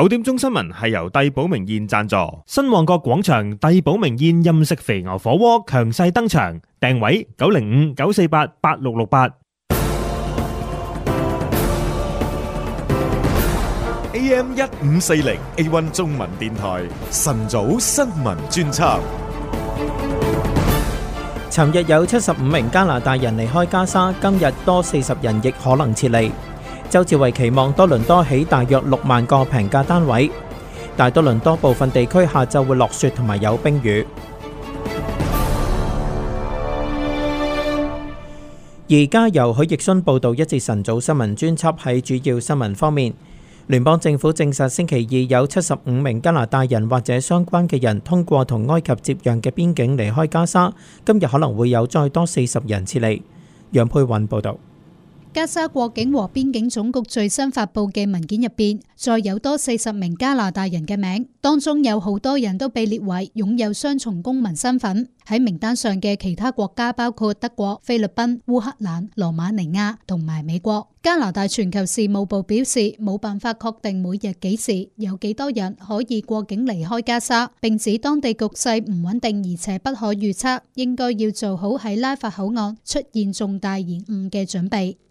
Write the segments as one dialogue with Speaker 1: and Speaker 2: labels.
Speaker 1: 九點鐘新聞係由帝寶明宴贊助，新旺角廣場帝寶明宴任食肥牛火鍋強勢登場，訂位九零五九四八八六六八。AM 一五四零 A1 中文電台晨早新聞專輯。
Speaker 2: 尋日有七十五名加拿大人離開加沙，今日多四十人亦可能撤離。周志偉期望多倫多起大約六萬個平價單位，大多倫多部分地區下晝會落雪同埋有冰雨。而家由許奕迅報道一節晨早新聞專輯喺主要新聞方面，聯邦政府證實星期二有七十五名加拿大人或者相關嘅人通過同埃及接壤嘅邊境離開加沙，今日可能會有再多四十人撤離。楊佩韻報道。
Speaker 3: 加沙國境和邊境總局最新發佈嘅文件入邊，再有多四十名加拿大人嘅名，當中有好多人都被列為擁有雙重公民身份。喺名單上嘅其他國家包括德國、菲律賓、烏克蘭、羅馬尼亞同埋美國。加拿大全球事務部表示，冇辦法確定每日幾時有幾多人可以過境離開加沙，並指當地局勢唔穩定，而且不可預測，應該要做好喺拉法口岸出現重大延誤嘅準備。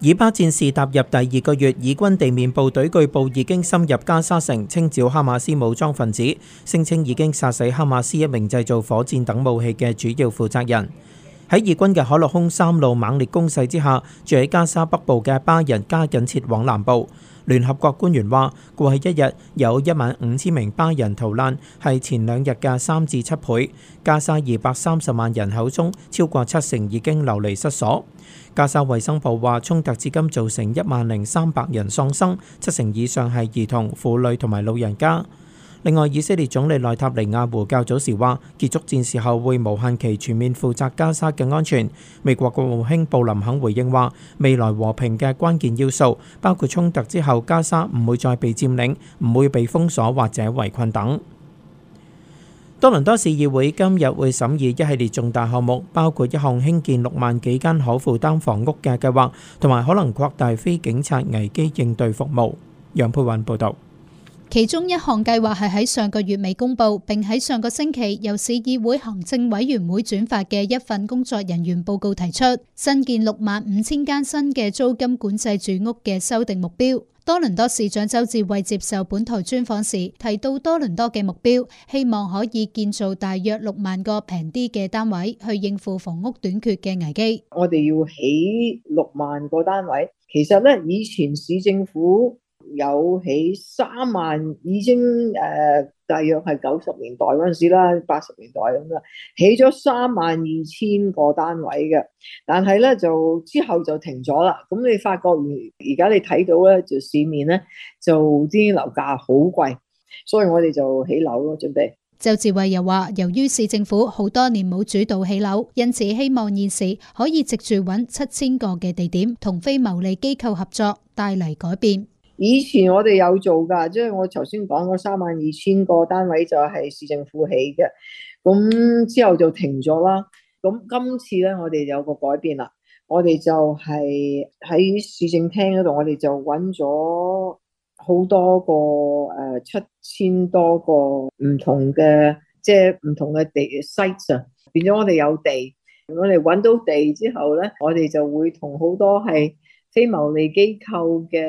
Speaker 2: 以巴戰事踏入第二個月，以軍地面部隊據報已經深入加沙城，清剿哈馬斯武裝分子，聲稱已經殺死哈馬斯一名製造火箭等武器嘅主要負責人。喺以軍嘅海陸空三路猛烈攻勢之下，住喺加沙北部嘅巴人加緊撤往南部。聯合國官員話，過去一日有一萬五千名巴人逃難，係前兩日嘅三至七倍。加沙二百三十萬人口中，超過七成已經流離失所。加沙衛生部話，衝突至今造成一萬零三百人喪生，七成以上係兒童、婦女同埋老人家。另外，以色列總理內塔尼亞胡較早時話，結束戰事後會無限期全面負責加沙嘅安全。美國國務卿布林肯回應話，未來和平嘅關鍵要素包括衝突之後加沙唔會再被佔領、唔會被封鎖或者圍困等。多倫多市議會今日會審議一系列重大項目，包括一項興建六萬幾間可負擔房屋嘅計劃，同埋可能擴大非警察危機應對服務。楊佩雲報導。
Speaker 3: 其中一項計劃係喺上個月尾公布，並喺上個星期由市議會行政委員會轉發嘅一份工作人員報告提出，新建六萬五千間新嘅租金管制住屋嘅修訂目標。多倫多市長鄒至蕙接受本台專訪時，提到多倫多嘅目標，希望可以建造大約六萬個平啲嘅單位，去應付房屋短缺嘅危機。
Speaker 4: 我哋要起六萬個單位，其實呢，以前市政府。有起三萬，已經誒，大約係九十年代嗰陣時啦，八十年代咁啦，起咗三萬二千個單位嘅，但係咧就之後就停咗啦。咁你發覺而而家你睇到咧，就市面咧就啲樓價好貴，所以我哋就起樓
Speaker 3: 咯。準備。周志慧又話，由於市政府好多年冇主導起樓，因此希望現時可以藉住揾七千個嘅地點，同非牟利機構合作，帶嚟改變。
Speaker 4: 以前我哋有做噶，即係我頭先講嗰三萬二千個單位就係市政府起嘅，咁之後就停咗啦。咁今次咧，我哋有個改變啦，我哋就係喺市政廳嗰度，我哋就揾咗好多個誒七千多個唔同嘅，即係唔同嘅地 sites。變咗我哋有地，如果我哋揾到地之後咧，我哋就會同好多係。非牟利機構嘅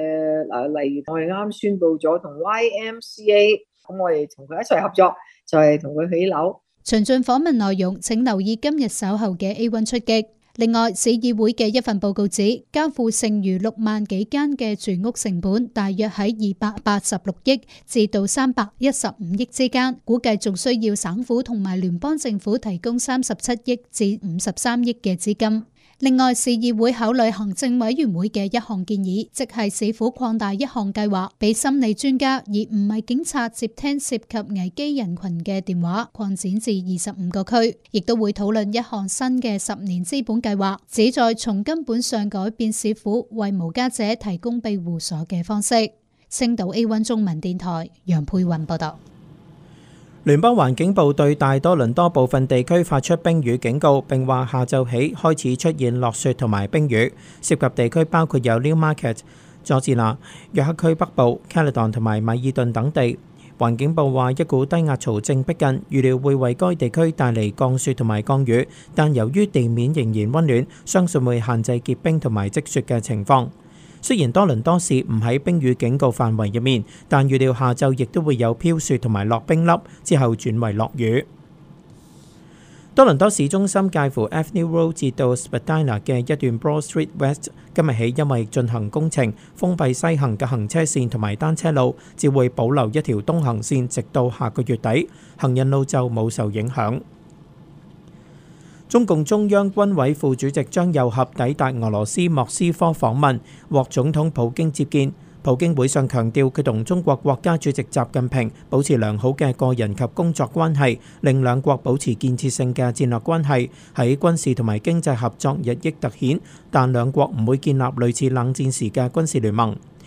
Speaker 4: 嗱，例如我哋啱啱宣布咗同 YMCA，咁我哋同佢一齊合作，就係同佢起樓。
Speaker 3: 詳盡訪問內容，請留意今日稍後嘅 A1 出擊。另外，市議會嘅一份報告指，交付剩餘六萬幾間嘅住屋成本，大約喺二百八十六億至到三百一十五億之間，估計仲需要省府同埋聯邦政府提供三十七億至五十三億嘅資金。另外，市議會考慮行政委員會嘅一項建議，即係市府擴大一項計劃，俾心理專家而唔係警察接聽涉及危機人群嘅電話，擴展至二十五個區。亦都會討論一項新嘅十年資本計劃，旨在從根本上改變市府為無家者提供庇護所嘅方式。星島 A1 中文電台，楊佩雲報道。
Speaker 2: 聯邦環境部對大多倫多部分地區發出冰雨警告，並話下晝起開始出現落雪同埋冰雨，涉及地區包括有 Newmarket、佐治拿、約克區北部、Caledon 同埋米爾頓等地。環境部話一股低壓槽正逼近，預料會為該地區帶嚟降雪同埋降雨，但由於地面仍然溫暖，相信會限制結冰同埋積雪嘅情況。雖然多倫多市唔喺冰雨警告範圍入面，但預料下晝亦都會有飄雪同埋落冰粒，之後轉為落雨。多倫多市中心介乎 Avenue Road 至到 Spadina 嘅一段 Bloor Street West 今日起因為進行工程，封閉西行嘅行車線同埋單車路，只會保留一條東行線，直到下個月底。行人路就冇受影響。中共中央軍委副主席張又俠抵達俄羅斯莫斯科訪問，獲總統普京接見，普京會上強調佢同中國國家主席習近平保持良好嘅個人及工作關係，令兩國保持建設性嘅戰略關係，喺軍事同埋經濟合作日益凸顯，但兩國唔會建立類似冷戰時嘅軍事聯盟。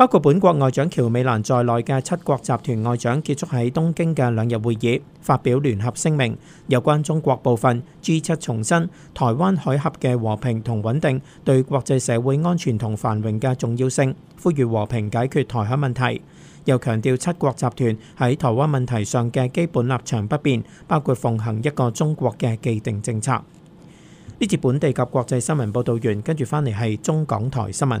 Speaker 2: 包括本國外長喬美蘭在內嘅七國集團外長結束喺東京嘅兩日會議，發表聯合聲明。有關中國部分，G 七重申台灣海峽嘅和平同穩定對國際社會安全同繁榮嘅重要性，呼籲和平解決台海問題。又強調七國集團喺台灣問題上嘅基本立場不變，包括奉行一個中國嘅既定政策。呢節本地及國際新聞報導完，跟住翻嚟係中港台新
Speaker 1: 聞。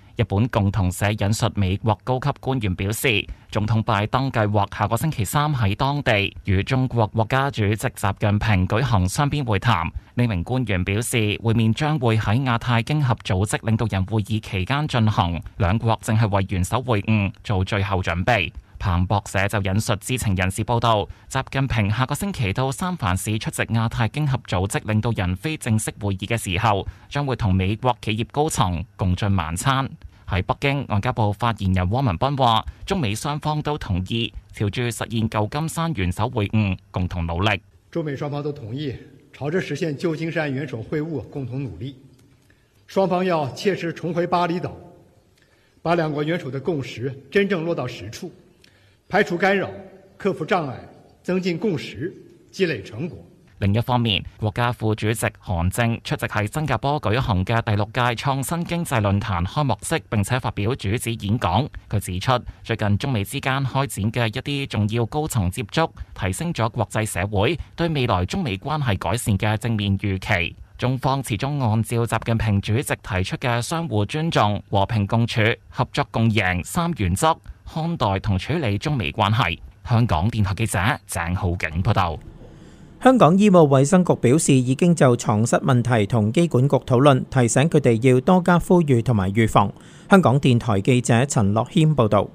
Speaker 5: 日本共同社引述美國高級官員表示，總統拜登計劃下個星期三喺當地與中國國家主席習近平舉行雙邊會談，呢名官員表示，會面將會喺亞太經合組織領導人會議期間進行，兩國正係為元首會晤做最後準備，彭博社就引述知情人士報道，習近平下個星期到三藩市出席亞太經合組織領導人非正式會議嘅時候，將會同美國企業高層共進晚餐。喺北京，外交部發言人汪文斌話：中美雙方都同意朝住實現舊金山元首會晤，共同努力。中
Speaker 2: 美雙方都同意朝着實現舊金山元首會晤，共同努力。雙方要切實重回巴厘島，把兩國元首的共識真正落到實處，排除干擾，克服障礙，增進共識，積累成
Speaker 5: 果。另一方面，國家副主席韓正出席喺新加坡舉行嘅第六屆創新經濟論壇開幕式，並且發表主旨演講。佢指出，最近中美之間開展嘅一啲重要高層接觸，提升咗國際社會對未來中美關係改善嘅正面預期。中方始終按照習近平主席提出嘅相互尊重、和平共處、合作共贏三原則，看待同處理中美關係。香港電台記者鄭浩景報道。
Speaker 2: 香港醫務衛生局表示，已經就床蝨問題同機管局討論，提醒佢哋要多加呼籲同埋預防。香港電台記者陳樂謙報道。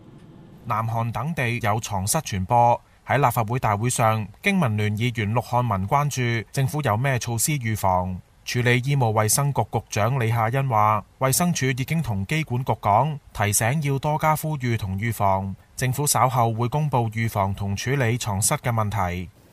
Speaker 1: 南韓等地有床蝨傳播。喺立法會大會上，經民聯議員陸瀚民關注政府有咩措施預防處理。醫務衛生局局長李夏欣話，衛生署已經同機管局講，提醒要多加呼籲同預防。政府稍後會公布預防同處理床蝨嘅問題。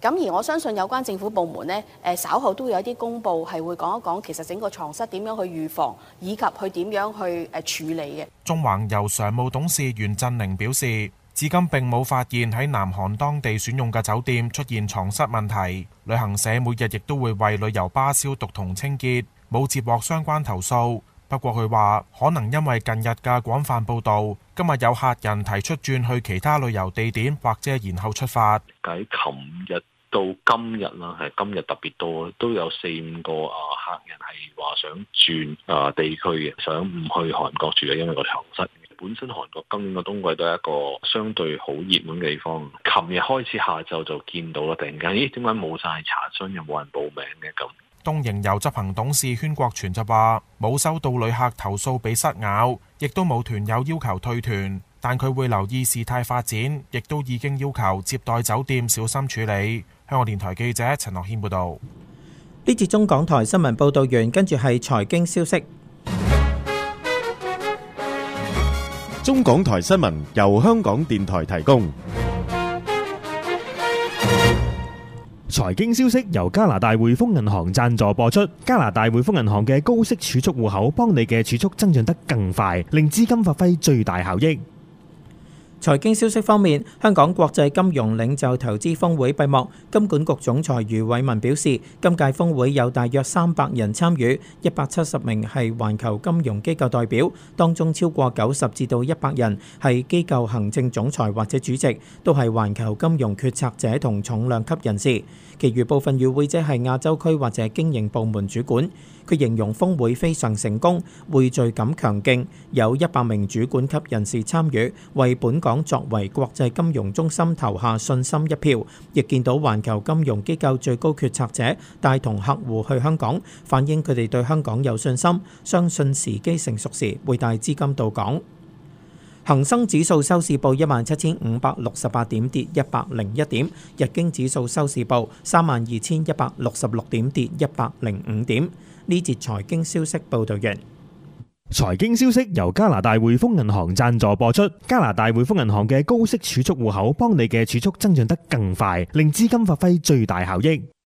Speaker 3: 咁而我相信有關政府部門咧，誒稍後都有一啲公佈，係會講一講其實整個床蝨點樣去預防，以及去點樣去誒處理嘅。
Speaker 1: 中環遊常務董事袁振寧表示，至今並冇發現喺南韓當地選用嘅酒店出現床蝨問題。旅行社每日亦都會為旅遊巴消毒同清潔，冇接獲相關投訴。不過佢話，可能因為近日嘅廣泛報道，今日有客人提出轉去其他旅遊地點，或者然後出發。
Speaker 4: 喺琴日，到今日啦，係今日特別多，都有四五個啊客人係話想轉啊地區嘅，想唔去韓國住嘅，因為個床蝨本身韓國今年個冬季都係一個相對好熱門嘅地方。琴日開始下晝就見到啦，突然間咦，點解冇晒查詢又冇人報名嘅咁？
Speaker 1: 東瀛遊執行董事禤國全就話冇收到旅客投訴俾蝨咬，亦都冇團友要求退團，但佢會留意事態發展，亦都已經要求接待酒店小心處理。香港電台記者陳樂軒報道。
Speaker 2: 呢節中港台新聞報道完，跟住係財經消息。
Speaker 1: 中港台新聞由香港電台提供。財經消息由加拿大匯豐銀行贊助播出。加拿大匯豐銀行嘅高息儲蓄戶口，幫你嘅儲蓄增長得更快，令資金發揮
Speaker 2: 最大效益。中文財經消息方面，香港國際金融領袖投資峰會閉幕，金管局總裁余偉文表示，今屆峰會有大約三百人參與，一百七十名係環球金融機構代表，當中超過九十至到一百人係機構行政總裁或者主席，都係環球金融決策者同重量級人士。其餘部分與會者係亞洲區或者經營部門主管。佢形容峰會非常成功，匯聚感強勁，有一百名主管級人士參與，為本港。港作為國際金融中心投下信心一票，亦見到環球金融機構最高決策者帶同客戶去香港，反映佢哋對香港有信心，相信時機成熟時會帶資金到港。恒生指數收市報一萬七千五百六十八點，跌一百零一點；日經指數收市報三萬二千一百六十六點，跌一百零五點。呢節財經消息，報道完。
Speaker 1: 財經消息由加拿大匯豐銀
Speaker 2: 行贊助播出。加拿大匯豐銀行嘅高息儲蓄戶口，幫你嘅儲蓄增長得更快，令資金發揮最大效益。